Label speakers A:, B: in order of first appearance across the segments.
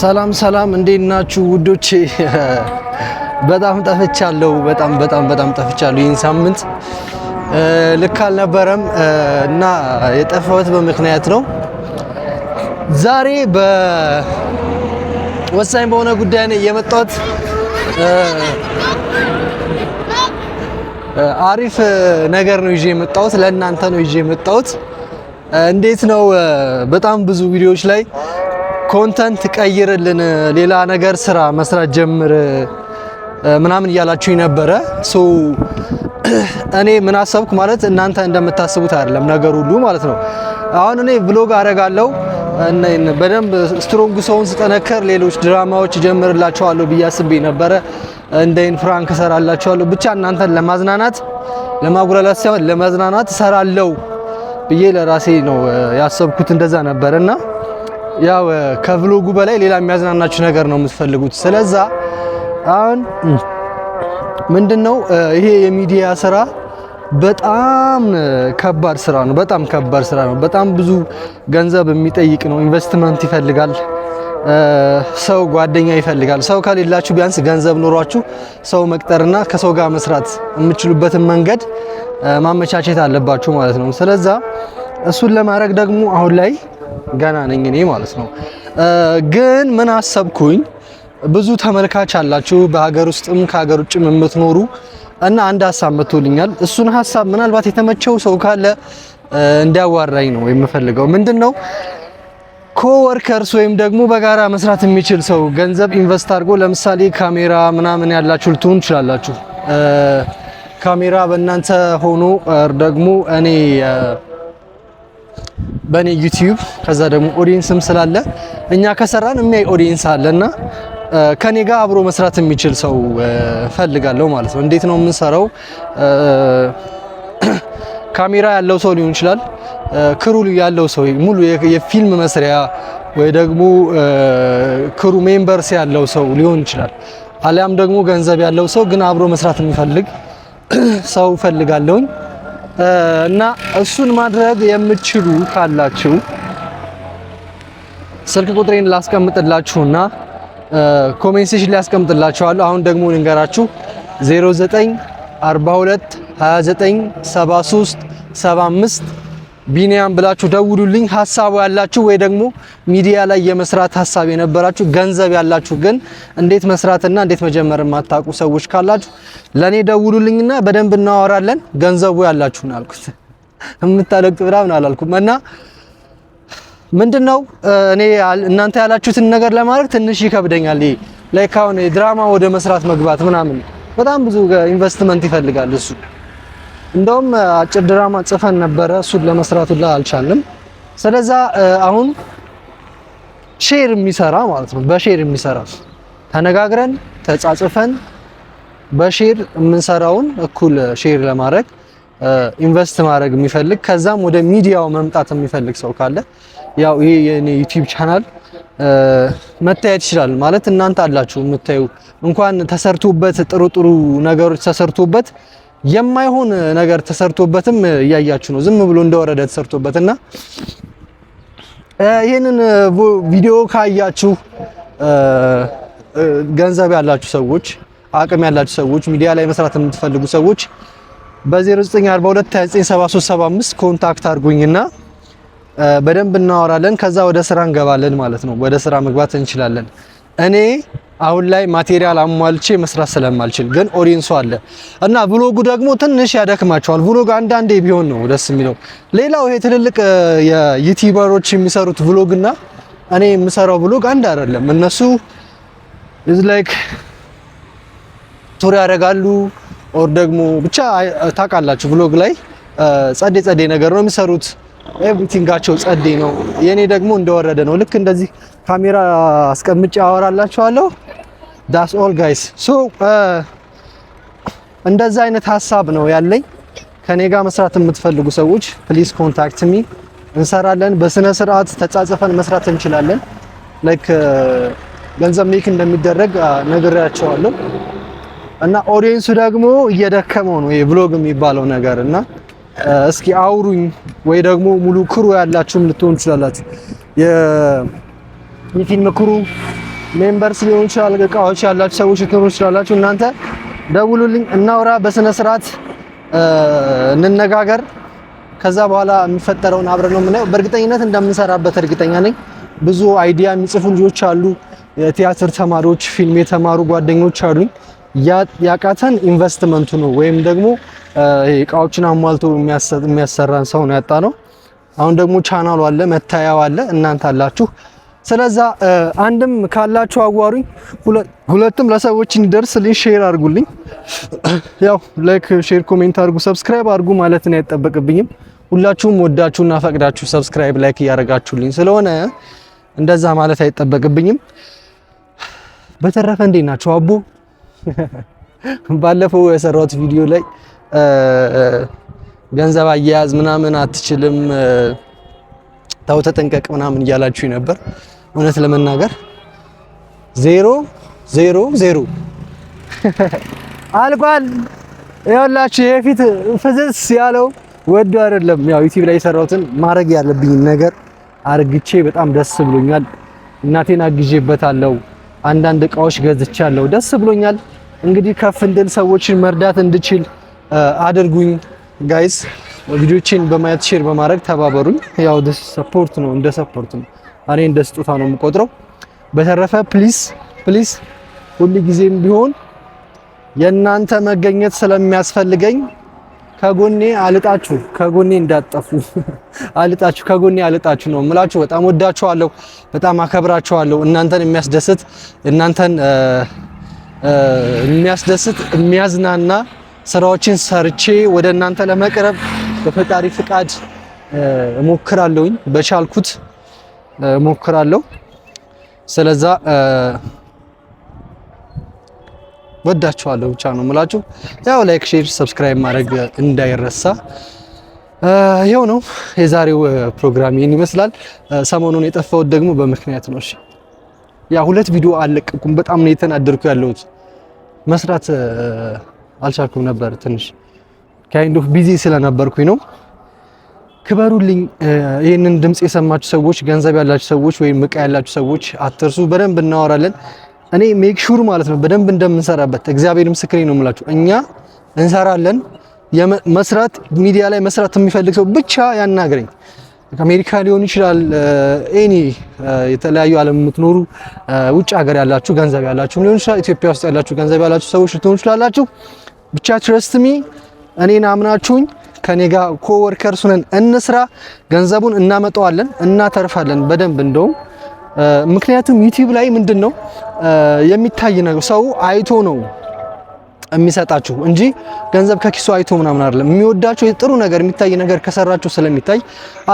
A: ሰላም ሰላም፣ እንዴት ናችሁ ውዶቼ? በጣም ጠፍቻለሁ። በጣም በጣም በጣም ጠፍቻለሁ። ይህን ሳምንት ልክ አልነበረም እና የጠፋሁት በምክንያት ነው። ዛሬ በወሳኝ በሆነ ጉዳይ ነው የመጣሁት። አሪፍ ነገር ነው ይዤ የመጣሁት፣ ለእናንተ ነው ይዤ የመጣሁት። እንዴት ነው በጣም ብዙ ቪዲዮዎች ላይ ኮንተንት ቀይርልን፣ ሌላ ነገር ስራ መስራት ጀምር ምናምን እያላችሁኝ ነበረ። ሶ እኔ ምን አሰብኩ ማለት እናንተ እንደምታስቡት አይደለም ነገር ሁሉ ማለት ነው። አሁን እኔ ብሎግ አረጋለሁ በደንብ ስትሮንግ ሰውን ስጠነከር ሌሎች ድራማዎች ጀምርላቸዋለሁ ብዬ አስቤ ነበረ። እንደን ፍራንክ እሰራላችኋለሁ ብቻ እናንተን ለማዝናናት ለማጉረላት ሳይሆን ለማዝናናት እሰራለሁ ብዬ ለራሴ ነው ያሰብኩት። እንደዛ ነበረና ያው ከቭሎጉ በላይ ሌላ የሚያዝናናችሁ ነገር ነው የምትፈልጉት። ስለዛ አሁን ምንድነው ይሄ የሚዲያ ስራ በጣም ከባድ ስራ ነው። በጣም ከባድ ስራ ነው። በጣም ብዙ ገንዘብ የሚጠይቅ ነው። ኢንቨስትመንት ይፈልጋል። ሰው ጓደኛ ይፈልጋል። ሰው ከሌላችሁ ቢያንስ ገንዘብ ኖሯችሁ ሰው መቅጠርና ከሰው ጋር መስራት የምችሉበትን መንገድ ማመቻቸት አለባችሁ ማለት ነው። ስለዛ እሱን ለማድረግ ደግሞ አሁን ላይ ገና ነኝ እኔ ማለት ነው። ግን ምን አሰብኩኝ፣ ብዙ ተመልካች አላችሁ በሀገር ውስጥም ከሀገር ውጭም የምትኖሩ እና አንድ ሀሳብ መቶልኛል። እሱን ሀሳብ ምናልባት የተመቸው ሰው ካለ እንዲያዋራኝ ነው የምፈልገው። ምንድን ነው ኮወርከርስ ወይም ደግሞ በጋራ መስራት የሚችል ሰው ገንዘብ ኢንቨስት አድርጎ ለምሳሌ ካሜራ ምናምን ያላችሁ ልትሆኑ ትችላላችሁ። ካሜራ በእናንተ ሆኖ ደግሞ እኔ በእኔ ዩቲዩብ ከዛ ደግሞ ኦዲየንስም ስላለ እኛ ከሰራን የሚያይ ኦዲየንስ አለና ከኔ ጋር አብሮ መስራት የሚችል ሰው ፈልጋለሁ ማለት ነው። እንዴት ነው የምንሰራው? ካሜራ ያለው ሰው ሊሆን ይችላል። ክሩ ያለው ሰው ሙሉ የፊልም መስሪያ ወይ ደግሞ ክሩ ሜምበርስ ያለው ሰው ሊሆን ይችላል። አሊያም ደግሞ ገንዘብ ያለው ሰው ግን አብሮ መስራት የሚፈልግ ሰው ፈልጋለሁኝ። እና እሱን ማድረግ የምትችሉ ካላችሁ ስልክ ቁጥሬን ላስቀምጥላችሁና ኮሜንት ሴሽን ላይ አስቀምጥላችኋለሁ። አሁን ደግሞ ልንገራችሁ 09 42 29 73 75 ቢኒያም ብላችሁ ደውሉልኝ። ሀሳቡ ያላችሁ ወይ ደግሞ ሚዲያ ላይ የመስራት ሀሳብ የነበራችሁ ገንዘብ ያላችሁ ግን እንዴት መስራትና እንዴት መጀመር የማታውቁ ሰዎች ካላችሁ ለኔ ደውሉልኝና በደንብ እናወራለን። ገንዘቡ ያላችሁ ነው አልኩት። የምታለቅጥ ምናምን አላልኩም እና ምንድነው እኔ እናንተ ያላችሁትን ነገር ለማድረግ ትንሽ ይከብደኛል። ላይክ አሁን ድራማ ወደ መስራት መግባት ምናምን በጣም ብዙ ኢንቨስትመንት ይፈልጋል እሱ እንደውም አጭር ድራማ ጽፈን ነበረ እሱን ለመስራቱ ሁላ አልቻልም። ስለዛ አሁን ሼር የሚሰራ ማለት ነው። በሼር የሚሰራ ተነጋግረን ተጻጽፈን በሼር የምንሰራውን እኩል ሼር ለማድረግ ኢንቨስት ማድረግ የሚፈልግ ከዛም ወደ ሚዲያው መምጣት የሚፈልግ ሰው ካለ ያው ይሄ የኔ ዩቲዩብ ቻናል መታየት ይችላል። ማለት እናንተ አላችሁ የምታዩ እንኳን ተሰርቶበት ጥሩ ጥሩ ነገሮች ተሰርቶበት የማይሆን ነገር ተሰርቶበትም እያያችሁ ነው። ዝም ብሎ እንደወረደ ተሰርቶበትና ይህንን ቪዲዮ ካያችሁ ገንዘብ ያላችሁ ሰዎች፣ አቅም ያላችሁ ሰዎች፣ ሚዲያ ላይ መስራት የምትፈልጉ ሰዎች በ0942297375 ኮንታክት አድርጉኝና በደንብ እናወራለን። ከዛ ወደ ስራ እንገባለን ማለት ነው። ወደ ስራ መግባት እንችላለን። እኔ አሁን ላይ ማቴሪያል አሟልቼ መስራት ስለማልችል ግን ኦዲየንሱ አለ እና ብሎጉ ደግሞ ትንሽ ያደክማቸዋል። ብሎግ አንዳንዴ ቢሆን ነው ደስ የሚለው። ሌላው ይሄ ትልልቅ የዩቲዩበሮች የሚሰሩት ብሎግ እና እኔ የምሰራው ብሎግ አንድ አይደለም። እነሱ ላይክ ቱር ያደርጋሉ ኦር ደግሞ ብቻ ታውቃላችሁ፣ ብሎግ ላይ ጸዴ ጸዴ ነገር ነው የሚሰሩት። ኤቭሪቲንጋቸው ጸዴ ነው። የኔ ደግሞ እንደወረደ ነው። ልክ እንደዚህ ካሜራ አስቀምጬ አወራላችኋለሁ። ዳስ ኦል ጋይስ። ሶ እንደዛ አይነት ሀሳብ ነው ያለኝ። ከኔ ጋር መስራት የምትፈልጉ ሰዎች ፕሊዝ ኮንታክት ሚ። እንሰራለን። በስነ ስርዓት ተጻጽፈን መስራት እንችላለን። ላይክ uh, ገንዘብ ሜክ እንደሚደረግ uh, ነግሬያቸዋለሁ። እና ኦዲየንሱ ደግሞ እየደከመው ነው ይሄ ብሎግ የሚባለው ነገር እና እስኪ አውሩኝ ወይ ደግሞ ሙሉ ክሩ ያላችሁም ልትሆን ትችላላችሁ። የፊልም ክሩ ሜምበርስ ሊሆን ይችላል። እቃዎች ያላችሁ ሰዎች ልትሆኑ ትችላላችሁ። እናንተ ደውሉልኝ፣ እናውራ፣ በስነ ስርዓት እንነጋገር። ከዛ በኋላ የሚፈጠረውን አብረን ነው የምናየው። በእርግጠኝነት እንደምንሰራበት እርግጠኛ ነኝ። ብዙ አይዲያ የሚጽፉ ልጆች አሉ። የቲያትር ተማሪዎች፣ ፊልም የተማሩ ጓደኞች አሉኝ። ያቃተን ኢንቨስትመንቱ ነው፣ ወይም ደግሞ እቃዎችን አሟልቶ የሚያሰራን ሰው ነው ያጣ ነው። አሁን ደግሞ ቻናሉ አለ፣ መታያው አለ፣ እናንተ አላችሁ። ስለዛ አንድም ካላችሁ አዋሩኝ፣ ሁለትም ለሰዎች እንዲደርስልኝ ሼር አድርጉልኝ። ያው ላይክ፣ ሼር፣ ኮሜንት አድርጉ፣ ሰብስክራይብ አድርጉ ማለት ነው አይጠበቅብኝም። ሁላችሁም ወዳችሁና ፈቅዳችሁ ሰብስክራይብ፣ ላይክ እያደረጋችሁልኝ ስለሆነ እንደዛ ማለት አይጠበቅብኝም። በተረፈ እንዴት አቦ ባለፈው የሰራሁት ቪዲዮ ላይ ገንዘብ አያያዝ ምናምን አትችልም፣ ተው ተጠንቀቅ ምናምን እያላችሁ ነበር። እውነት ለመናገር ዜሮ ዜሮ ዜሮ አልቋል። ይኸውላችሁ የፊት ፍዝስ ያለው ወዶ አይደለም። ያው ዩቲዩብ ላይ የሰራሁትን ማድረግ ያለብኝ ነገር አርግቼ በጣም ደስ ብሎኛል። እናቴን አግዤበታለሁ። አንዳንድ እቃዎች ገዝቻለሁ። ደስ ብሎኛል። እንግዲህ ከፍ እንድል ሰዎችን መርዳት እንድችል አድርጉኝ ጋይስ። ቪዲዮችን በማየት ሼር በማድረግ ተባበሩኝ። ያው ሰፖርት ነው፣ እንደ ሰፖርት ነው። እኔ እንደ ስጦታ ነው የምቆጥረው። በተረፈ ፕሊስ ፕሊስ ሁል ጊዜም ቢሆን የእናንተ መገኘት ስለሚያስፈልገኝ ከጎኔ አልጣችሁ ከጎኔ እንዳጠፉ አልጣችሁ ከጎኔ አልጣችሁ ነው ምላችሁ በጣም ወዳችኋለሁ፣ በጣም አከብራችኋለሁ። እናንተን የሚያስደስት እናንተን የሚያስደስት የሚያዝናና ስራዎችን ሰርቼ ወደ እናንተ ለመቅረብ በፈጣሪ ፍቃድ እሞክራለሁኝ በቻልኩት እሞክራለሁ። ስለዛ ወዳችኋለሁ ብቻ ነው የምላችሁ። ያው ላይክ፣ ሼር፣ ሰብስክራይብ ማድረግ እንዳይረሳ። ይኸው ነው የዛሬው ፕሮግራም ይህን ይመስላል። ሰሞኑን የጠፋሁት ደግሞ በምክንያት ነው። ያ ሁለት ቪዲዮ አልለቀኩም። በጣም ነው የተናደርኩ ያለሁት። መስራት አልቻልኩም ነበር። ትንሽ ካይንድ ኦፍ ቢዚ ስለነበርኩኝ ነው። ክበሩልኝ። ይህንን ድምፅ የሰማችሁ ሰዎች፣ ገንዘብ ያላችሁ ሰዎች ወይም እቃ ያላችሁ ሰዎች አትርሱ። በደንብ እናወራለን። እኔ ሜክ ሹር ማለት ነው በደንብ እንደምንሰራበት እግዚአብሔር ምስክሬ ነው የምላችሁ። እኛ እንሰራለን። መስራት ሚዲያ ላይ መስራት የሚፈልግ ሰው ብቻ ያናግረኝ። አሜሪካ ሊሆን ይችላል፣ ኤኒ የተለያዩ ዓለም የምትኖሩ ውጭ ሀገር ያላችሁ ገንዘብ ያላችሁ ሊሆን ይችላል፣ ኢትዮጵያ ውስጥ ያላችሁ ገንዘብ ያላችሁ ሰዎች ልትሆኑ ይችላላችሁ። ብቻ ትረስት ሚ እኔን አምናችሁኝ ከኔ ጋር ኮወርከርስ እንስራ፣ ገንዘቡን እናመጣዋለን፣ እናተርፋለን በደንብ እንደውም ምክንያቱም ዩቲዩብ ላይ ምንድን ነው የሚታይ ነገር ሰው አይቶ ነው የሚሰጣችሁ እንጂ ገንዘብ ከኪሱ አይቶ ምናምን አይደለም የሚወዳችሁ። ጥሩ ነገር የሚታይ ነገር ከሰራችሁ ስለሚታይ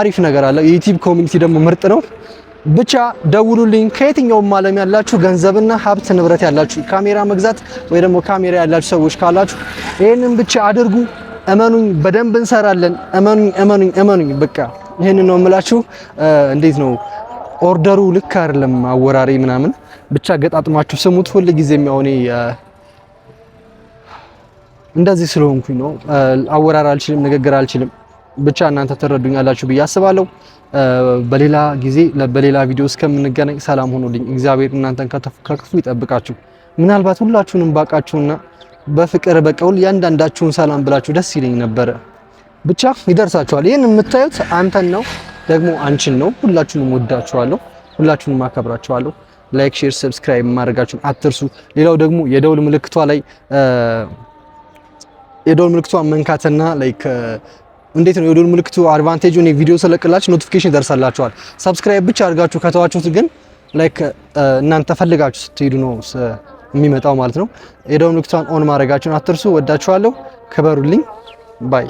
A: አሪፍ ነገር አለ። የዩቲዩብ ኮሚኒቲ ደግሞ ምርጥ ነው። ብቻ ደውሉልኝ። ከየትኛውም ዓለም ያላችሁ ገንዘብና ሀብት ንብረት ያላችሁ ካሜራ መግዛት ወይ ደግሞ ካሜራ ያላችሁ ሰዎች ካላችሁ ይህንን ብቻ አድርጉ። እመኑኝ፣ በደንብ እንሰራለን። እመኑኝ፣ እመኑኝ፣ እመኑኝ። በቃ ይህንን ነው የምላችሁ። እንዴት ነው ኦርደሩ ልክ አይደለም፣ አወራሪ ምናምን ብቻ ገጣጥማችሁ ስሙት። ሁልጊዜም ያው እንደዚህ ስለሆንኩኝ ነው። አወራር አልችልም፣ ንግግር አልችልም። ብቻ እናንተ ትረዱኛላችሁ ብዬ አስባለሁ። በሌላ ጊዜ በሌላ ቪዲዮ እስከምንገናኝ ሰላም ሆኖልኝ፣ እግዚአብሔር እናንተን ከክፉ ይጠብቃችሁ። ምናልባት ሁላችሁንም ባቃችሁና በፍቅር በቀውል ያንዳንዳችሁን ሰላም ብላችሁ ደስ ይለኝ ነበረ። ብቻ ይደርሳችኋል። ይህን የምታዩት አንተን ነው ደግሞ አንቺን ነው። ሁላችሁንም ወዳችኋለሁ፣ ሁላችሁንም አከብራችኋለሁ። ላይክ፣ ሼር፣ ሰብስክራይብ ማድረጋችሁን አትርሱ። ሌላው ደግሞ የደውል ምልክቷ ላይ የደወል ምልክቷን መንካትና ላይክ uh, እንዴት ነው የደወል ምልክቱ አድቫንቴጅ ነው። ቪዲዮ ስለቅላችሁ ኖቲፊኬሽን ይደርሳላችኋል። ሰብስክራይብ ብቻ አድርጋችሁ ከተዋችሁት ግን ላይክ uh, እናንተ ፈልጋችሁ ስትሄዱ ነው የሚመጣው ማለት ነው። የደወል ምልክቷን ኦን ማድረጋችሁን አትርሱ። ወዳችኋለሁ። ክበሩልኝ። ባይ